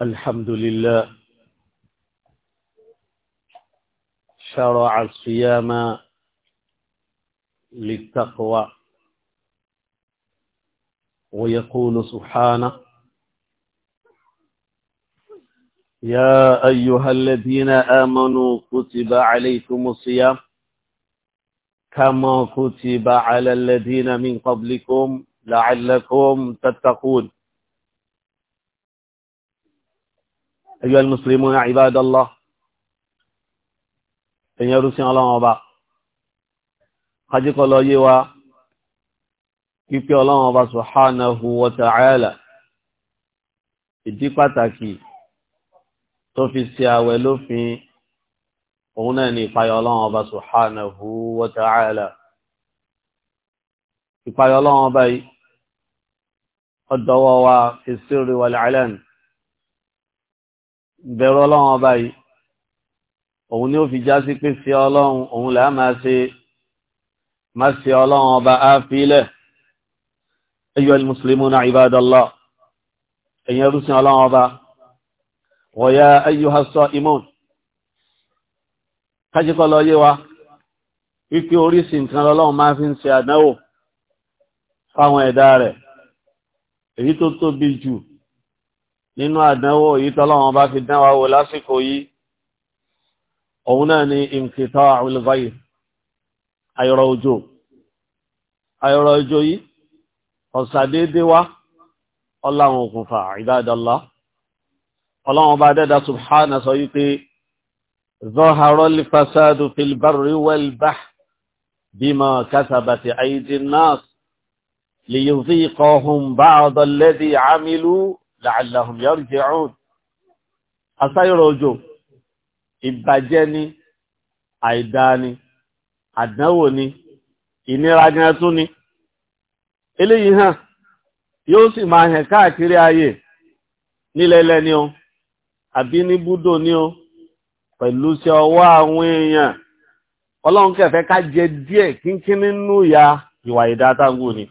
الحمد لله شرع الصيام للتقوى ويقول سبحانه يا أيها الذين آمنوا كتب عليكم الصيام كما كتب على الذين من قبلكم لعلكم تتقون أيها المسلمون عباد الله ẹ̀yin ẹrúsìn ọlọ́run ọba kájíkọ́ lọ yé wa pípẹ́ ọlọ́run ọba subhanahu wa ta'ala ìdí pàtàkì tó fi ṣe àwẹ̀ lófin òun náà ni ìpayọ̀ ọlọ́run ọba subhanahu wa ta'ala ìpayọ̀ ọlọ́run ọba yìí ọdọ́wọ́ wa fi sirri wal alani bẹ̀rù ọlọ́run ọba yìí òun ni ó fi já sí pé ṣe ọlọ́run òun là máa ṣe má ṣe ọlọ́run ọba á fílẹ̀ ayyuhal muslimuna ibadallah ẹ̀yin ẹrúsìn ọlọ́run ọba wa ya ayyuhas sa'imun kájíkọ́ lọ yé wa wípé oríṣi nǹkan lọ́lọ́run máa fi ń ṣe àdánwò fáwọn ẹ̀dá rẹ̀ èyí tó tóbi jù nínú àdánwò yìí tọ́lọ́wọ́n bá fi dánwà wò lásìkò yìí òun náà ni inqita'ul ghayr àyọ̀rọ̀ òjò àyọ̀rọ̀ òjò yìí ọ̀sàdédé wá ọláwọn òkùnfà ibadallah ọlọ́wọ́n bá dẹ́dà subhana sọ yí pé zọ́harọ́ lifasadu fil barri wal bahri bima kasabati aydin nas liyuziqahum ba'da la'allahum yarji'un asáyọ̀rọ̀ òjò ìbàjẹ́ ni àìdá ni àdánwò ni ni yóò sì máa hàn káàkiri ayé nílẹ̀lẹ̀ ni o àbí ní búdò ni o pẹ̀lú sí ọwọ́ àwọn èèyàn ọlọ́run kẹfẹ́ ká jẹ díẹ̀ kínkín nínú ìyà ìwà ìdá táǹgù ni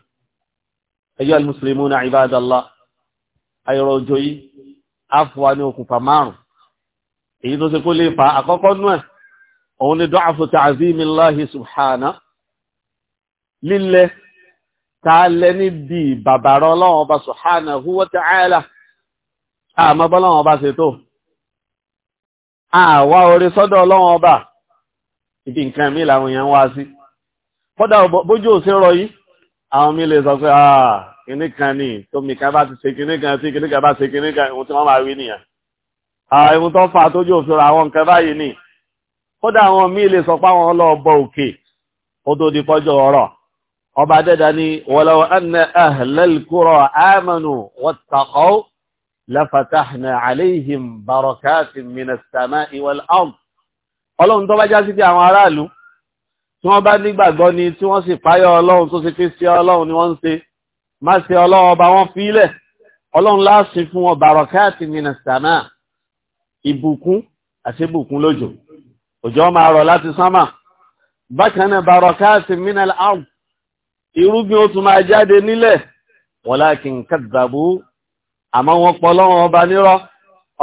ẹjọ́ àìrọ̀ òjò yìí á fún wa ní okùnfà márùn èyí tó ṣe kó lè fa àkọ́kọ́ nú ẹ̀ òun ni dọ́àfù ta'zimillahi subhana lílẹ̀ tààlẹ́ níbi bàbàrọ̀ ọlọ́run ọba subhanahu wa ta'ala àmọ́ bọ́lọ́run ọba kìnní kan ní tómi kan bá ti ṣe kìnní kan tí kìnní kan bá ṣe kìnní kan ìwọ̀n tí wọ́n máa wí nìyẹn. àwọn tó fà tójú òfin àwọn nǹkan báyìí ni kódà àwọn míì lè sọ pé àwọn lọ bọ òkè ó tó di pọ́jọ́ ọ̀rọ̀ ọba dẹ́dà ni walaw anna ahlal qura amanu wattaqaw lafatahna alayhim barakatin minas sama'i wal ard tó bá já sí pé àwọn aráàlú tí wọ́n bá nígbàgbọ́ ni tí wọ́n sì páyọ̀ ọlọ́run tó ṣe pé sí ọlọ́run ni wọ́n ń ṣe má ṣe ọlọ́run ọba wọn fílẹ̀ ọlọ́run láàṣì fún wọn bàrọ̀káàtì minas samaa ìbùkún àti ìbùkún lójò òjò máa rọ̀ láti sánmà bákan náà bàrọ̀káàtì minal ard irúgbìn ó tún máa jáde nílẹ̀ walakin kadzabu àmọ́ wọn pọ̀ ọlọ́run ọba nírọ́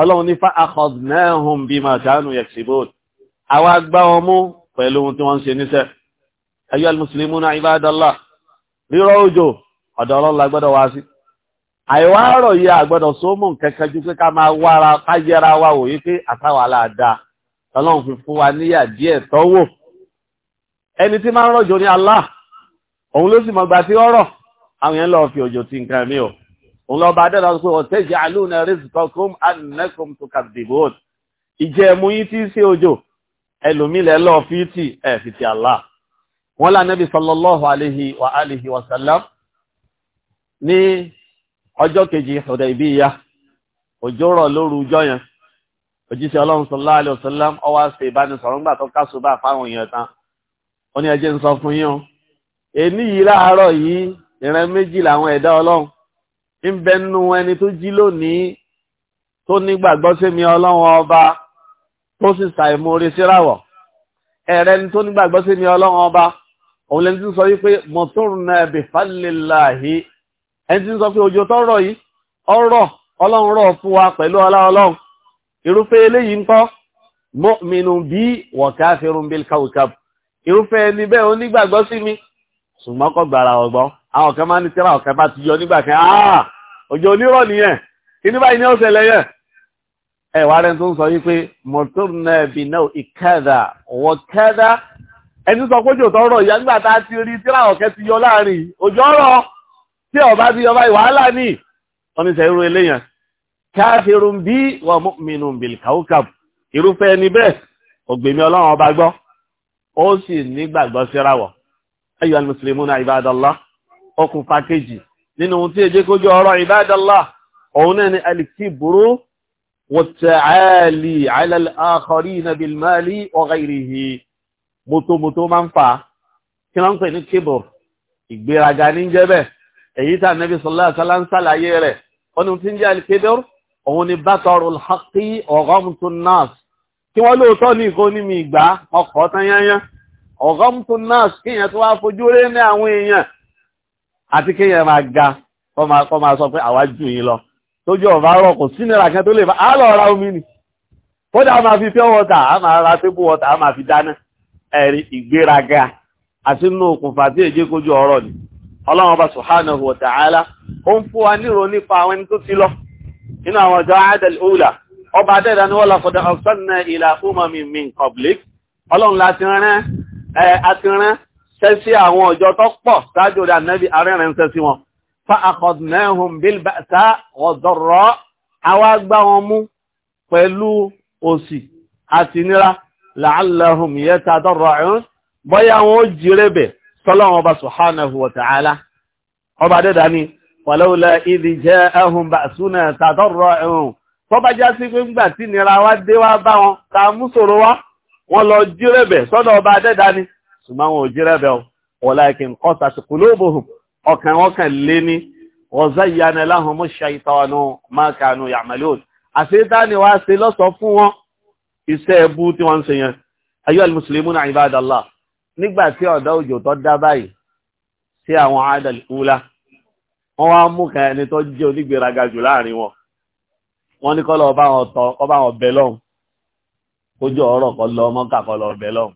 ọlọ́run ní fa pẹ̀lú ohun tí wọ́n ń ṣe níṣẹ́ ayyuhal muslimuna ibadallah rírọ̀ òjò ọ̀dọ̀ ọlọ́run la gbọ́dọ̀ wá sí àìwá ọ̀rọ̀ yìí àgbọ́dọ̀ sómù kẹ̀kẹ́ ju pé ká máa wára ká yẹra wa wò yìí pé àtàwà aláàdáa ọlọ́run fi fún wa níyà díẹ̀ tọ́wò ẹni tí máa ń rọ̀jò ní Allah òun ló sì mọ̀ gbà tí ó àwọn yẹn lọ fi òjò ti nǹkan mi o òun lọ bá dẹ́rọ pé ọ̀tẹ́ ìjà àlùna rizqakum annakum tukadibun ìjẹ́ ẹ̀mú yín tí í ṣe òjò ẹlòmílẹ̀ lọ fi tì ẹ̀ fi ti Allah wọn lànà bí sallallahu alaihi wa alihi ní ọjọ́ kejì Hudaybiyah òjò rọ̀ lóru ọjọ́ yẹn òjíṣẹ́ ọlọ́run sallallahu alaihi wasallam ó wá ṣe ìbánisọ̀rọ̀ ńgbà tó kásùbà fáwọn èèyàn tán ó ní ẹ jẹ́ ń sọ fún yín o èní yìí láàárọ̀ yìí ìran méjì làwọn ẹ̀dá ọlọ́run ń bẹ nínú ẹni tó jí lónìí tó nígbàgbọ́ sí mi ọlọ́run ọba tó sì ṣàìmoore síráwọ̀ ẹ̀rẹ́ ni tó nígbàgbọ́ sí mi ọlọ́run ọba òun lẹni tó sọ wípé mọ̀tòrùn náà bìfálẹ́láhìí ẹni tí ń sọ pé òjò tó rọ̀ yìí ọ̀rọ̀ ọlọ́run rọ̀ fún wa pẹ̀lú ọlá ọlọ́run irúfẹ́ eléyìí ń kọ́ mọ́mìnú bí wọ̀ká fẹ́rún bí káwùkáwù irúfẹ́ ẹni bẹ́ẹ̀ onígbàgbọ́ sí mi ṣùgbọ́n kọ́ gbàrà ọ̀gbọ́n àwọn kan máa ń tẹ́lá ọ̀kan bá ti yọ nígbà kan áà òjò onírọ̀ nìyẹn kí ní báyìí ní ọ̀sẹ̀ lẹ́yẹ ẹ wá rẹ tó ń sọ yìí pé mọ̀tòrúnà ẹ̀bì náà ìkẹ́dà wọ̀kẹ́dà ẹni sọ pé òjò tọrọ ìyá nígbà tá a ti rí tẹ́lá ọ̀kẹ́ ti yọ láàrin òjò ọ̀rọ̀ tí ọba bí ọba ìwàhálà ní ọ̀nìṣẹ́ irú eléyàn káfírun bí wa mu'minun bil kawkab irúfẹ́ ẹni bẹ́ẹ̀ ògbèmí ọlọ́run ọba gbọ́ ó sì nígbàgbọ́ síra wọ̀ ayyuhal muslimuna ibadallah okùn pàkéjì nínú ohun tí èjé kójú ọ̀rọ̀ ibadallah òun náà ni al-kibru wat-ta'ali 'ala al mọ́tòmọ́tò máa ń fà kí wọ́n ń pè ní kébùrù ìgbéraga ní jẹ́ èyí tá nẹ́bí sallallahu alaihi wasallam ń sàlàyé rẹ̀ ọdún tí ń jẹ́ alikébẹ́rù òun ni bátọrù haqqi ọ̀gọ́mtún nas kí wọ́n lóòótọ́ ní ìkó ní mi ìgbà ọkọ̀ tán yányán ọ̀gọ́mtún nas kí èèyàn tó wá fojú rí ní àwọn èèyàn àti kí èèyàn máa ga kọ́ máa sọ pé àwa jù yín lọ tójú ọ̀bá rọ̀ kò sí nira kan tó lè bá a lọ ra omi nì kódà a máa fi pure water a máa ra table water a máa fi dáná ẹ̀rí ìgbéraga àti nínú okùnfà tí èjé kojú ọ̀rọ̀ nìí ọlọ́run ọba subhanahu wa ta'ala ó ń fún wa nírò nípa àwọn ẹni tó ti lọ nínú àwọn ọjọ́ adal ula ọba adẹ́dà ni wọ́n lọ́kọ̀dọ̀ ọ̀sánà ìlà umami min public ọlọ́run láti rán àtìrán sẹ́sí àwọn ọjọ́ tó pọ̀ sáájú bọ́yá wọn ó jírẹ́bẹ̀ tọ́lọ́wọ́n ọba subhanahu wa ta'ala ọba dẹ́dà ní wàlọ́wọ́lá ìdí jẹ́ ẹ̀hùn bá súnà tàtọ́rọ̀ ẹ̀hùn tọ́ba já sí pé ńgbà tí nira wá dé wá bá wọn ta mú ṣòro wá wọn lọ jírẹ̀bẹ̀ sọ́dọ̀ ọba dẹ́dà ní ṣùgbọ́n wọn ò jírẹ̀bẹ̀ walakin ayyuhal muslimuna ibadallah nígbà tí ọ̀dọ́ òjò tó dá báyìí sí àwọn adàlúlá wọ́n wá mú kan ẹni tó jẹ́ onígbéraga jù láàrin wọn wọ́n ní kọ́lọ̀ ọba wọn tọ́ ọba wọn bẹ lọ́hùn kójú ọ̀rọ̀ kọ́ lọ mọ́kà kọ́ lọ bẹ lọ́hùn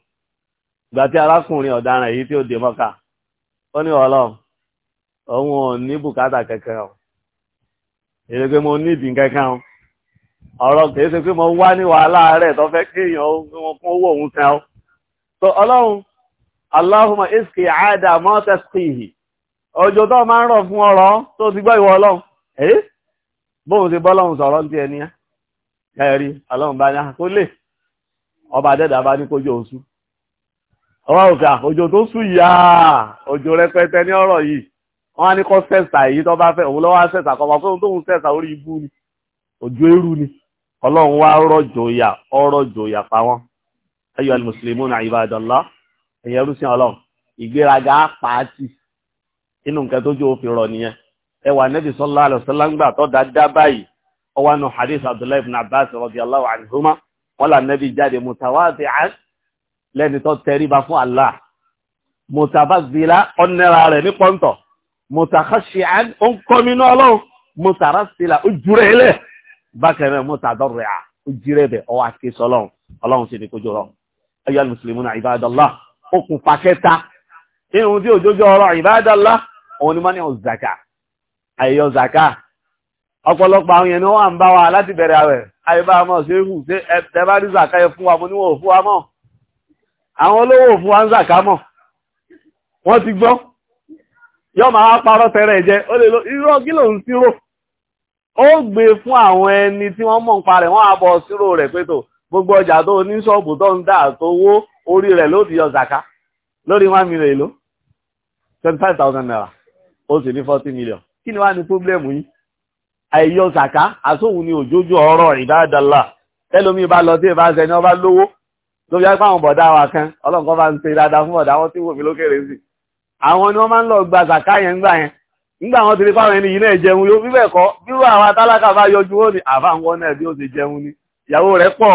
ìgbà tí arákùnrin ọ̀daràn èyí tí ó dé mọ́kà ó ní ọlọ́run òun ò ní bùkátà kankan o èdè pé mo ní ìdín kankan o ọ̀rọ̀ kìí ṣe pé mo wá ní wàhálà rẹ̀ tó fẹ́ kéèyàn kún owó òun kan o ọlọ́run Allahumma iski àádà mọ́ tẹ́sìkìhì. Òjò tó máa ń rọ̀ fún ọ̀rọ̀ tó ti gbọ́ ìwọ ọlọ́run. Èé? Bóhun ti bọ́lọ́run sọ̀rọ̀ ti ẹni ẹ́. Ẹ̀rí, ọlọ́run bá yá kó ah, lè. Ọba dẹ́dà bá ní kójó oṣù. Ọwá òkè òjò tó sú yá òjò rẹpẹtẹ ní ọ̀rọ̀ yìí. Wọ́n á ní kọ́ sẹ́sà èyí tó bá fẹ́ òun lọ́wọ́ sẹ́sà kọ́ fún tóun sẹ́sà orí ibú ni. Òjò eru ni. Ọlọ́run wá rọ̀jò yà ọ̀rọ̀ jòyà pa wọ́n. Ayyuhal muslimuna ibadallah èyàn rúsìn ọlọ́run ìgbéraga pàátì inú nǹkan tójú òfin rọ nìyẹn ẹ wà nẹ́bí sallallahu alaihi wasallam tó dáadáa báyìí ọwọ́ nù hadith abdullahi ibn abbas radiyallahu anhuma wọ́n là nẹ́bí jáde mutawadi'an lẹ́ni tó tẹríba fún allah mutabazila ọ̀nẹ́ra rẹ̀ ní pọ́ńtọ̀ mutakhashi'an ó ń kọ́mínú ọlọ́run mutarasila ó jùrẹ́ ilẹ̀ bákan náà mutadọ́rẹ̀ à ó jírẹ́ bẹ̀ ọwọ́ àti sọlọ́run ọlọ́run sì ní kójú rọ ayyal muslimuna ibadallah okùnfà kẹta irun tí òjòjò ọ̀rọ̀ ìbádàlá òun ni wọ́n ní ọ̀zàkà àyẹ̀yọ̀ zàkà ọ̀pọ̀lọpọ̀ àwọn èèyàn wà ń bá wa láti bẹ̀rẹ̀ àwẹ̀ àyíbá mọ̀ sí hù sí ẹ̀bá rí zàkà yẹ fún wa mo níwọ̀n fún wa mọ̀ àwọn olówó fún wa ń zàkà mọ̀ wọ́n ti gbọ́ yọ́ máa wá parọ́ tẹ́rẹ̀ jẹ́ ó lè lo irọ́ kí lòun sírò ó gbé fún àwọn ẹni tí wọ́n mọ̀ ń parẹ̀ wọ́n á bọ̀ sírò gbogbo ọjà tó ní ṣọ́ọ̀bù tó ń dà tó wó orí rẹ̀ ló ti yọ zaka lórí one million èlò twenty naira ó sì ní forty million kí ni wàá ní pọ́blẹ́mù yìí àìyọ zaka àsóhun ni òjòjú ọ̀rọ̀ ìdáradàlà ẹlòmíì bá lọ sí ìbáṣẹ ni wọ́n bá lówó lórí apá àwọn bọ̀dá wa kan ọlọ́nkọ́ bá ń ṣe dáadáa fún bọ̀dá wọn tí wò mí lókèrè sí àwọn ni wọ́n máa ń lọ gba zaka yẹn gbà yẹn nígbà wọn ti rí fáwọn ẹni yìí náà jẹun yóò bíbẹ̀ kọ́ bírò àwọn tálákà bá yọjú ó ní àbáwọn náà bí ó ti jẹun ni ìyàwó rẹ̀ pọ̀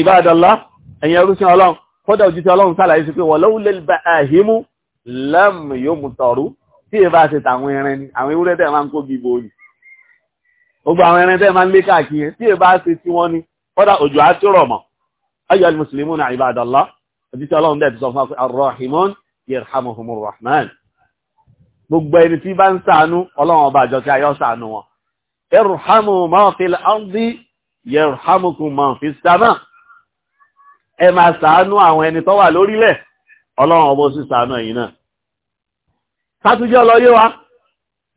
ìbáadàlá ẹ̀yìn ẹrúsìn ọlọ́run kọ́dà òjíṣẹ́ ọlọ́run sàlàyé sí pé wọ́n lọ́wọ́lẹ̀ bá àhímú lẹ́mù yóò mú tọ̀rú tí èèbá ṣe tàwọn ẹran ni àwọn ewúrẹ́ tẹ̀ máa ń kó bíbo ni gbogbo àwọn ẹran tẹ̀ máa ń lé káàkiri yẹn tí èèbá ṣe tí wọ́n ni kọ́dà ẹ máa sàánú àwọn ẹni tó wà lórílẹ̀ ọlọ́run ọmọ sí sàánú ẹ̀yin náà sátúnjẹ́ ọlọ́yé wa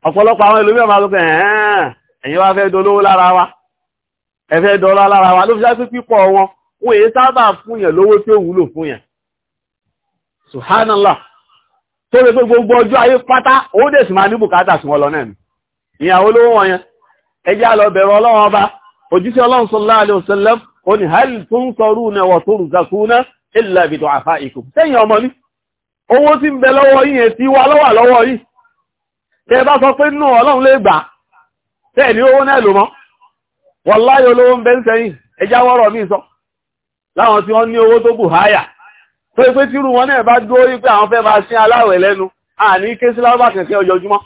ọ̀pọ̀lọpọ̀ àwọn ẹlòmíràn máa lókè ẹ̀ẹ́n ẹ̀yin wá fẹ́ dolówó lára wa ẹ fẹ́ dọ́lá lára wa ló fi sáfí pípọ̀ wọn wọ́n èyí sábà fún yẹn lówó tí ó wúlò fún yẹn subhanallah tó lè pé gbogbo ọjọ́ ayé pátá ó dẹ̀ sì máa ní bùkátà sí wọn lọ náà ìyàwó lówó wọn yẹn ẹjẹ́ àlọ́ bẹ̀rọ ọlọ́run ọba òjíṣẹ́ ọlọ́run sallallahu alaihi wasallam ó ní hal tunṣarūna wa turzaqūna illā bi du'afā'ikum sẹ́yìn ọmọ ní owó tí ń bẹ lọ́wọ́ yìí yẹn ti wá lọ́wọ́ lọ́wọ́ yìí tẹ́ bá sọ pé nù ọlọ́run lè gbà tẹ́ ní owó náà lò mọ́ wàláyé olówó ń bẹ ń sẹ́yìn ẹjá wọ́rọ̀ mí sọ láwọn tí wọ́n ní owó tó bù háyà tó ipé tírù wọn náà bá dúró wípé àwọn fẹ́ máa sí aláwẹ̀ lẹ́nu àní ké sí lábà kẹ̀kẹ́ ọjọ́júmọ́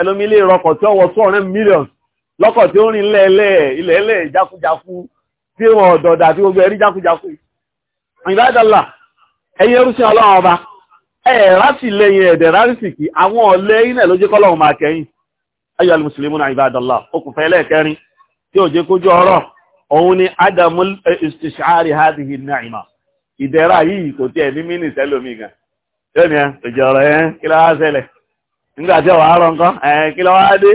ẹlòmí ilé ìrọkọ̀ tí ọwọ́ two million lọ́kọ̀ tí ó rìn lẹ́ẹ̀lẹ́ ilẹ̀ẹ́lẹ́ jákújákú tí wọn ọ̀dọ̀dà tí gbogbo ẹ̀rí jákújákú ọlọ́run ọba ẹ̀ẹ̀rá sì lẹ́yìn ẹ̀dẹ̀ rárísìkì àwọn ọ̀lẹ́ ilẹ̀ ló jẹ́ kọ́lọ́run máa kẹ́yìn ni nígbà tí ọwà àárọ̀ nǹkan ẹ̀ẹ́ kí lọ wá dé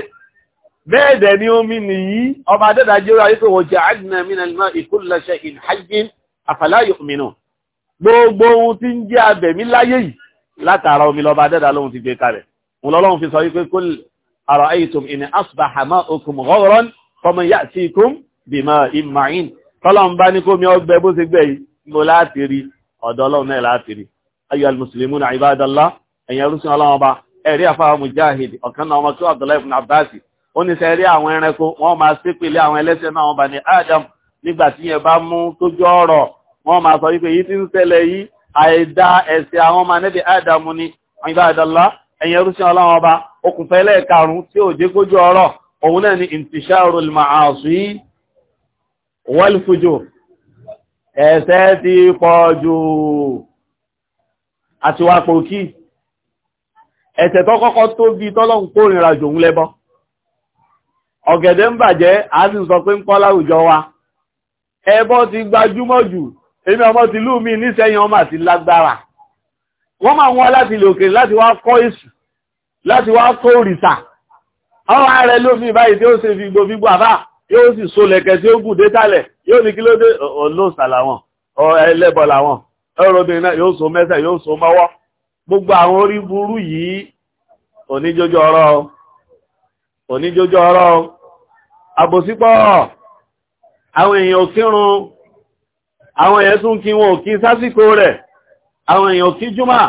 bẹ́ẹ̀ dẹ̀ ni omi nìyí ọba dẹ́dà jẹ́rọ ayé pé wọ́n jẹ́ àdínàmínà lọ ìkúlẹ̀ṣẹ́ ìhàjín àfàláyò mìíràn gbogbo ohun tí ń jẹ́ abẹ̀mí láyé yìí látara omi lọba dẹ́dà lóhun ti gbé kalẹ̀ wọn lọ́lọ́run fi sọ wípé kó àrọ̀ ayétum ìní asbaha ma'ukum ghawran faman ya'tikum bima'in ma'in tọ́lọ́run bá ní láti rí ọ̀dọ́ ọlọ́run náà láti rí ayyuhal muslimuna ọba ẹ̀rí àfáà mujahid ọ̀kan náà ọmọ tí abdullahi ibn abbas ó ní sẹ́rí àwọn ẹranko wọ́n máa ṣépèlé àwọn ẹlẹ́sẹ̀ náà wọ́n bá ní adam nígbà tí yẹn bá mú tójú ọ̀rọ̀ wọ́n máa sọ wípé yìí ti ń ṣẹlẹ̀ yìí àìdá ẹ̀ṣẹ̀ àwọn ọmọ anẹ́bí adam ni ibadallah ẹ̀yẹn rúṣin ọlọ́run ọba okùnfẹ́ lẹ́ẹ̀karùn-ún tí ò jẹ́ kójú ọ̀rọ̀ òun náà ni intisharul ma'asi wal fujur ti pọ̀ jù àtiwápò kíì ẹ̀ṣẹ̀ tó kọ́kọ́ tó bí tọ́lọ́run kórìíra jòun lẹ́bọ ọ̀gẹ̀dẹ̀ ń bàjẹ́ a sì sọ pé ń pọ́ láwùjọ wa ẹbọ ti gbajúmọ̀ jù èmi ọmọ ti lú mi nísẹ̀yìn ọmọ àti lágbára wọ́n máa wọ́n láti ilẹ̀ òkèrè láti wá kọ́ èṣù láti wá kó òrìṣà ọwọ́ ààrẹ lómi báyìí tí ó ṣe fi gbogbo gbogbo àbá yóò sì so lẹ̀kẹ̀ tí ó gùn dé tálẹ̀ yóò ní kí ló dé ọlọ́sà làwọn làwọn ẹrọbìnrin gbogbo àwọn orí burú yìí oníjójó ọ̀rọ̀ oníjójó ọ̀rọ̀ àbòsípọ̀ àwọn èèyàn kírun àwọn èèyàn tún kí wọn ò kí sásìkò rẹ̀ àwọn èèyàn kí júmà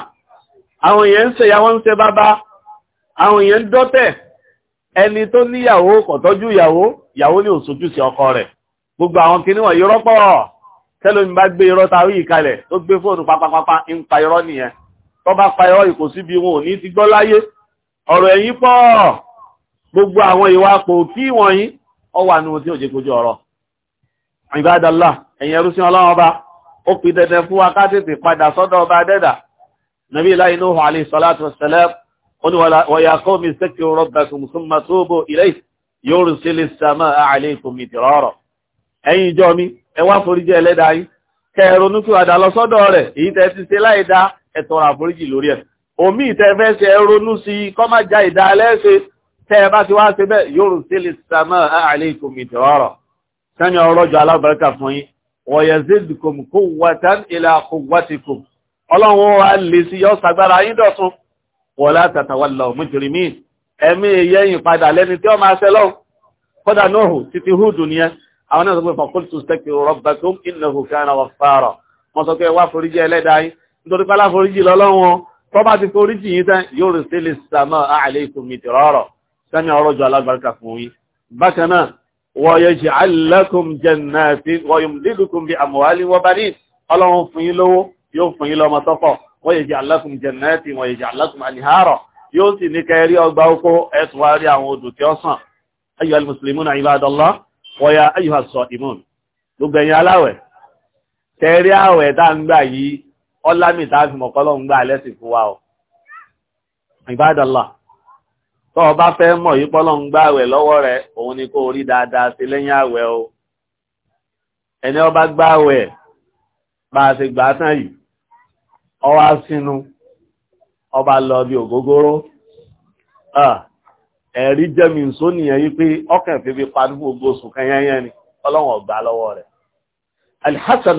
àwọn èèyàn ń ṣèyàwó ń ṣe bàbá àwọn èèyàn ń dọ́tẹ̀ ẹni tó níyàwó kò tọ́jú ìyàwó ìyàwó ní òṣojú sí ọkọ rẹ̀ gbogbo àwọn kìíní wọ̀nyí rọ́pọ̀ tẹ́lómi bá gbé irọ́ ta rí ìkalẹ̀ tó gbé fóònù pápápápá ń pa irọ́ nìyẹn tó bá pa ẹ̀họ́ ìkò síbi wọn ò ní ti gbọ́ láyé ọ̀rọ̀ ẹ̀yìn pọ̀ gbogbo àwọn ìwà pò kí wọ̀nyí ọ wà nínú tí ò jẹ́ kojú ọ̀rọ̀ ìbádàlá ẹ̀yìn ẹrú sí ọlọ́run ọba ó pi dandan fún wa ká tètè padà sọ́dọ̀ ọba dẹ́dà nàbí láì ní òhun àlè sọ́látù sẹlẹ̀ ó ní wọ̀yà kó mi sẹ́kì rọ́bàkùn súnmọ́ tóbò ẹ tọrọ àforíjì lórí ẹ̀ omi ìtẹ́fẹ́ ṣe ronú sí kọ́má já ìdálẹ́ṣe tẹ́ ẹ bá ti wá ṣe bẹ́ẹ̀ yóò sí lè sàmà àlékún ìtẹ́ọ̀rọ̀ sẹ́ni ọrọ̀jọ alábẹ́ríkà fún yín wọ̀yẹ̀ zidkum quwwatan ila quwwatikum ọlọ́run wa lè sí yọ́ sàgbára yín dọ̀tún wala tatawallaw mujrimin ẹ̀mí yẹ́yìn padà lẹ́ni tí ó máa ṣẹ kọ́dà nóòhù títí húdù ní ẹ àwọn náà sọ pé faqultu istaghfiru rabbakum innahu kana ghaffara wọ́n sọ pé wá foríjì ẹlẹ́dàá yín nítorí pé aláforíjì lọ́lọ́wọ́n tó bá ti foríjì yìí tán yóò rè sílẹ̀ sàmà alaykum mitrara sẹ́mi ọ̀rọ̀ jù alágbàríkà fún yín bákan náà wa yaj'al lakum jannatin wa yumdidukum bi amwalin wa banin ọlọ́run fún yín lówó yóò fún yín lọ́mọ tọ́pọ̀ wa yaj'al lakum jannatin wa yaj'al lakum anhara yóò sì ní kẹrí ọgbà oko ẹ̀tùn wá rí àwọn odò tí ó sàn ayyuhal muslimuna ibadallah wa ya ayyuhas gbogbo ẹ̀yin aláwẹ̀ kẹrí àwẹ̀ tá yìí ọlámì tàbí mọ̀kọ́lọ́ ń gbá alẹ́sì fún wa ọ̀. ìbádọ́lá tó o bá fẹ́ mọ̀ yí pọ́lọ́ ń gbá àwẹ̀ lọ́wọ́ rẹ̀ òun ni kó rí dáadáa sí lẹ́yìn àwẹ̀ o ẹni ọba gbá àwẹ̀ bá a ṣe gbà á tán yìí ọwá sínú ọba lọ bí ògógóró ẹ̀rí jẹ́mi ń só nìyẹn yí pé ọkàn fi fi pa gbogbo oṣù kan yẹ́yẹ́ ni ọlọ́wọ̀n gbà lọ́wọ́ rẹ̀ Al-Hasan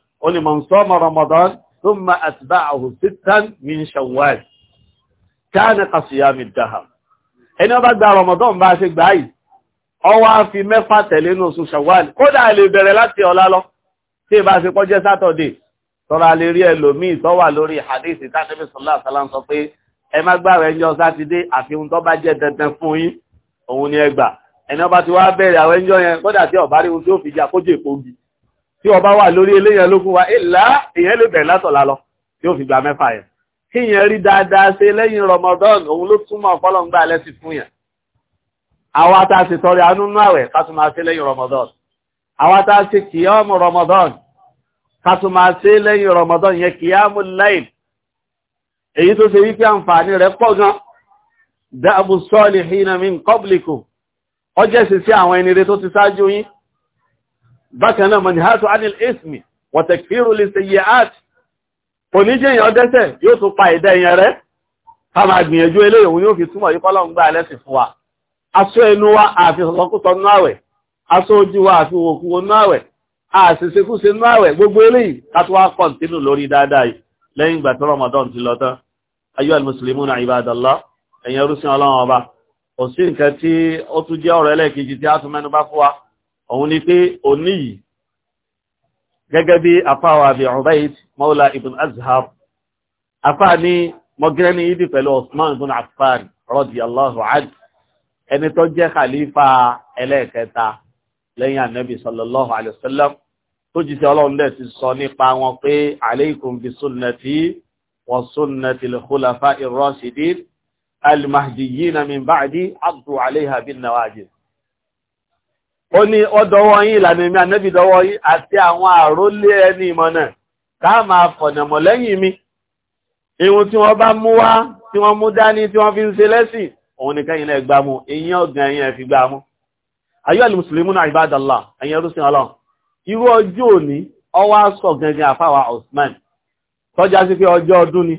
ó ní man sama Ramadan thumma atba'ahu sittan min Shawwal kana ka siyami dahar ẹni ọba gba Ramadan bá ṣe gbà yìí ọwọ́ á fi mẹ́fà tẹ̀lé ní oṣù Shawwal kódà lè bẹ̀rẹ̀ láti ọ̀la lọ tí ìbá ṣe kọjẹ́ Saturday tọ́ra lè rí ẹlòmíì tó wà lórí hadith tánàbí sallallahu alaihi wasallam sọ pé ẹ má gbààwẹ̀ ẹjọ́ sátidé àfihun tó bá jẹ́ dandan fún yín òun ni ẹgbà ẹni ọba ti wá bẹ̀rẹ̀ àwọn ẹjọ́ yẹn kódà tí ọ̀bá rí ohun tí ó fi jà kójú èkó gi tí ọba wà lórí eléyàn lókun wa ìlà èyàn lè bẹ̀rẹ̀ látọ̀lá lọ tí ó fi gbà mẹ́fà yẹn kí yẹn rí dáadáa ṣe lẹ́yìn Ramadan òun ló túmọ̀ ọpọlọ́ ń gbà lẹ́sìn fún yẹn àwọn ata ṣe tọrẹ anúnú àwẹ̀ ká tún máa ṣe lẹ́yìn Ramadan àwọn ata ṣe kìyàmù Ramadan ká tún máa ṣe lẹ́yìn Ramadan yẹn kìyàmù láìl èyí tó ṣe wípé àǹfààní rẹ̀ pọ̀ gan dáàbù sọ́ọ̀lì hìnà min qablikum àwọn ẹni rẹ̀ tó ti ṣáájú yín bákan náà manihatu anil ismi wọ́n tẹ̀kírù lè ṣe yẹ art oníjẹyàn dẹ́sẹ̀ yóò tún pa ìdá ìyẹn rẹ̀ ká máa gbìyànjú eléyìí òun yóò fi túmọ̀ yípa lọ́n gbà lẹ́sìn fún wa aṣọ ẹnu wa àfi sọ̀kúsọ nú àwẹ̀ aṣọ ojú wa àfi wòkú nú àwẹ̀ àṣìṣekúṣe òun ni pé òní yìí gẹ́gẹ́ bí afáwà àbí Ubayd maula ibn azhar afá ní mọ́gírẹ́ni yìí pẹ̀lú Osman ibn Affan radiyallahu anhu ẹni tó jẹ́ khalifa ẹlẹ́ẹ̀kẹta lẹ́yìn ànábì sallallahu alayhi wa sallam tó jíṣẹ́ ọlọ́run dẹ̀ ti sọ nípa wọn pé alaykum bi sunnati wa sunnati al-khulafa ar-rashidin min ba'di addu alayha bin nawajid ó ní ọdọwọ́ yín ìlànà mi ànẹ́bì dọwọ́ yín àti àwọn àrólé ẹni ìmọ̀ náà ká máa fọ̀nàmọ̀ lẹ́yìn mi ihun tí wọ́n bá mú wá tí wọ́n mú dání tí wọ́n fi ń ṣe lẹ́sìn òun nìkan yìí náà gbá mú ìyẹn ọ̀gàn ẹ̀yìn fi gbá mú ayọ́ àlè mùsùlùmí náà ìbádàlá ẹ̀yìn ẹrúsìn ọlọ́run irú ọjọ́ òní ọwọ́ sọ gangan àfáwà Usman tọ́já sí pé ọjọ́ ọdún ni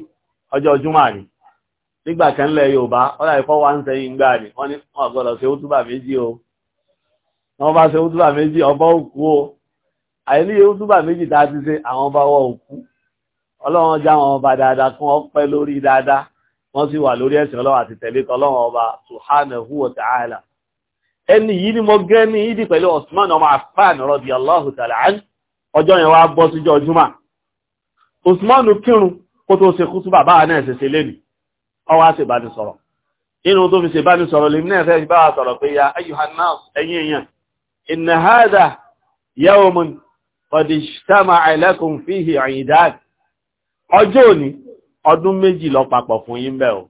ọjọ́ ọjúmọ́ àrí nígbà kan lẹ̀ Yorùbá ọlá ìfọwọ́ à ń sẹ́yìn gbáà ni wọ́n ní wọ́n gbọ́dọ̀ ṣe ó túbà méjì o wọ́n bá ṣe útúbà méjì ọba òkú o àìní útúbà méjì tá a ti ṣe àwọn ọba wọ òkú ọlọ́run já wọn ọba dáadáa kún ọpẹ́ lórí dáadáa wọ́n sì wà lórí ẹ̀sìn ọlọ́run àti tẹ̀lé tọlọ́run ọba subhanahu wa ta'ala ẹni yìí ni mo gẹ́ ní ìdí pẹ̀lú Osman ọmọ Affan radiyallahu ta'ala an ọjọ́ yẹn wá bọ́ síjọ́ júmà Osman kírun kó tó ṣe kútúbà báwa náà ṣe ṣe lénìí ọwọ́ á ṣe bá ní sọ̀rọ̀ inú tó fi ṣe bá ní sọ̀rọ̀ lèmi náà fẹ́ bá wa sọ̀rọ̀ pé ya ayyuhan nas èèyàn إن هذا يوم قد اجتمع لكم فيه عيدان ọjọ́ òní ọdún méjì lọ papọ̀ fún yín bẹ́ẹ̀ o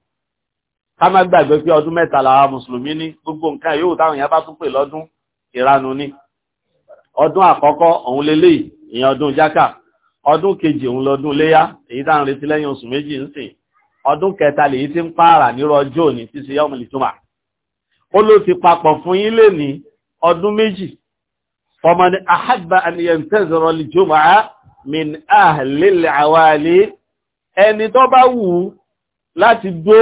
ká má gbàgbé pé ọdún mẹ́ta làwa mùsùlùmí ní gbogbo nǹkan yóò táwọn èèyàn bá tún pè lọ́dún ìranu ní ọdún àkọ́kọ́ òun lélẹ́yìí ìyẹn ọdún jákà ọdún kejì òun lọ́dún léyá èyí tá à ń retí lẹ́yìn oṣù méjì ń sìn ọdún kẹta lèyí tí ń pààrà nírọ̀ ọjọ́ òní tí ṣe yọ́mùlì túmà ó ló ti papọ̀ fún yín lénìí ọdún méjì ọmọ ni àhábà àníyàn tẹ́sọ̀rọ̀ lè jọmọ̀ á min àhàlélẹ̀ àwáàlé ẹni tó bá wù láti gbó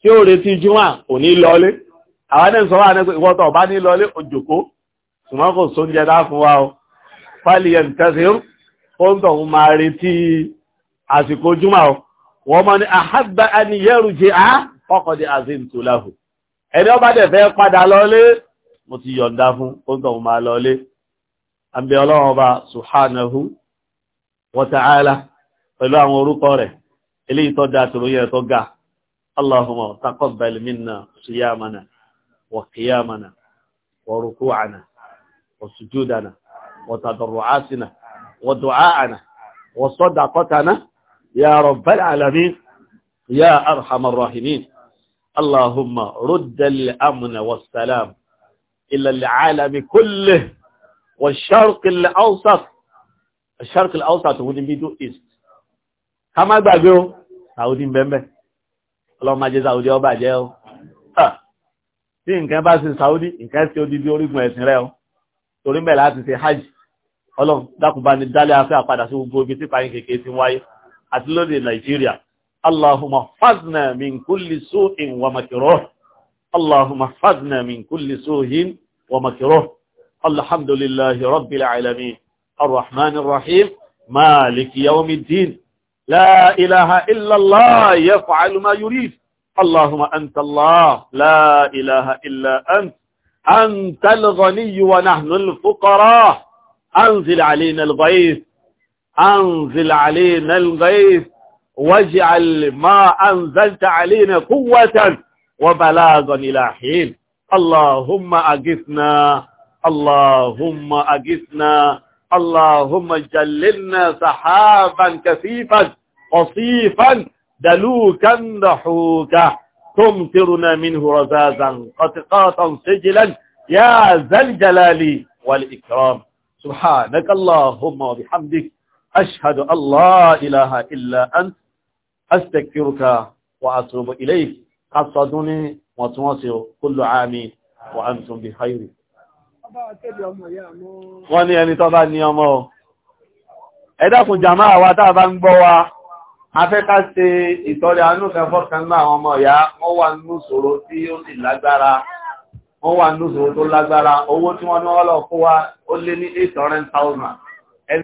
tí ó retí jùmọ̀ ò ní lọlé àwọn ẹni sọ wà ní pé ìwọ́tọ̀ bá ní lọlé òjòkó ṣùgbọ́n kò sóúnjẹ dá fún wa o fàlìyàn ẹni ọba dẹ̀ fẹ́ padà lọlé mo ti yọ̀ǹda fún ó ń tọ̀ máa lọ lé àbí ọlọ́run ọba subhanahu wa ta'ala pẹ̀lú àwọn orúkọ rẹ̀ eléyìí tó dáa tòrò yẹn tó ga allahumma taqabbal minna siyamana wa qiyamana wa ruku'ana wa sujudana ya rabbal alamin ya arhamar rahimin allahumma rudda amna was salam إلى العالم كله والشرق الأوسط الشرق الأوسط هو الميدو إيست ká má gbàgbé o Saudi bẹ́ẹ̀bẹ́ ọlọ́mọ ajé Saudi ọba jẹ́ o tí nǹkan bá ṣe Saudi nǹkan ṣe odidi orígun ẹ̀sìn rẹ o torí mẹ́ láti ṣe hajj ọlọ́run dákùnbá ni dálé afẹ́ àpadà sí gbogbo ibi tí parí kékeré ti wáyé àti lóde Nàìjíríà Allahumma fadna min kulli su'in wa makruh Allahumma fadna min kulli su'in ومكره الحمد لله رب العالمين الرحمن الرحيم مالك يوم الدين لا إله إلا الله يفعل ما يريد اللهم أنت الله لا إله إلا أنت أنت الغني ونحن الفقراء أنزل علينا الغيث أنزل علينا الغيث واجعل ما أنزلت علينا قوة وبلاغا إلى حين اللهم أغثنا اللهم أغثنا اللهم جللنا سحابا كثيفا قصيفا دلوكا ضحوكا تمطرنا منه رزازا قطقاطا سجلا يا ذا الجلال والإكرام سبحانك اللهم وبحمدك أشهد أن لا إله إلا أنت أستغفرك وأتوب إليك قصدني wọ́n tún wọ́n sí o kullu amin wa antum bi khairi wọ́n ní ẹni tó bá ní ọmọ o ẹ dákun jàmá àwa tá a bá ń gbọ́ wa afẹ́ká ṣe ìtọ́rẹ anúfẹ́fọ́ kan náà àwọn ọmọ ìyá wọ́n wà ní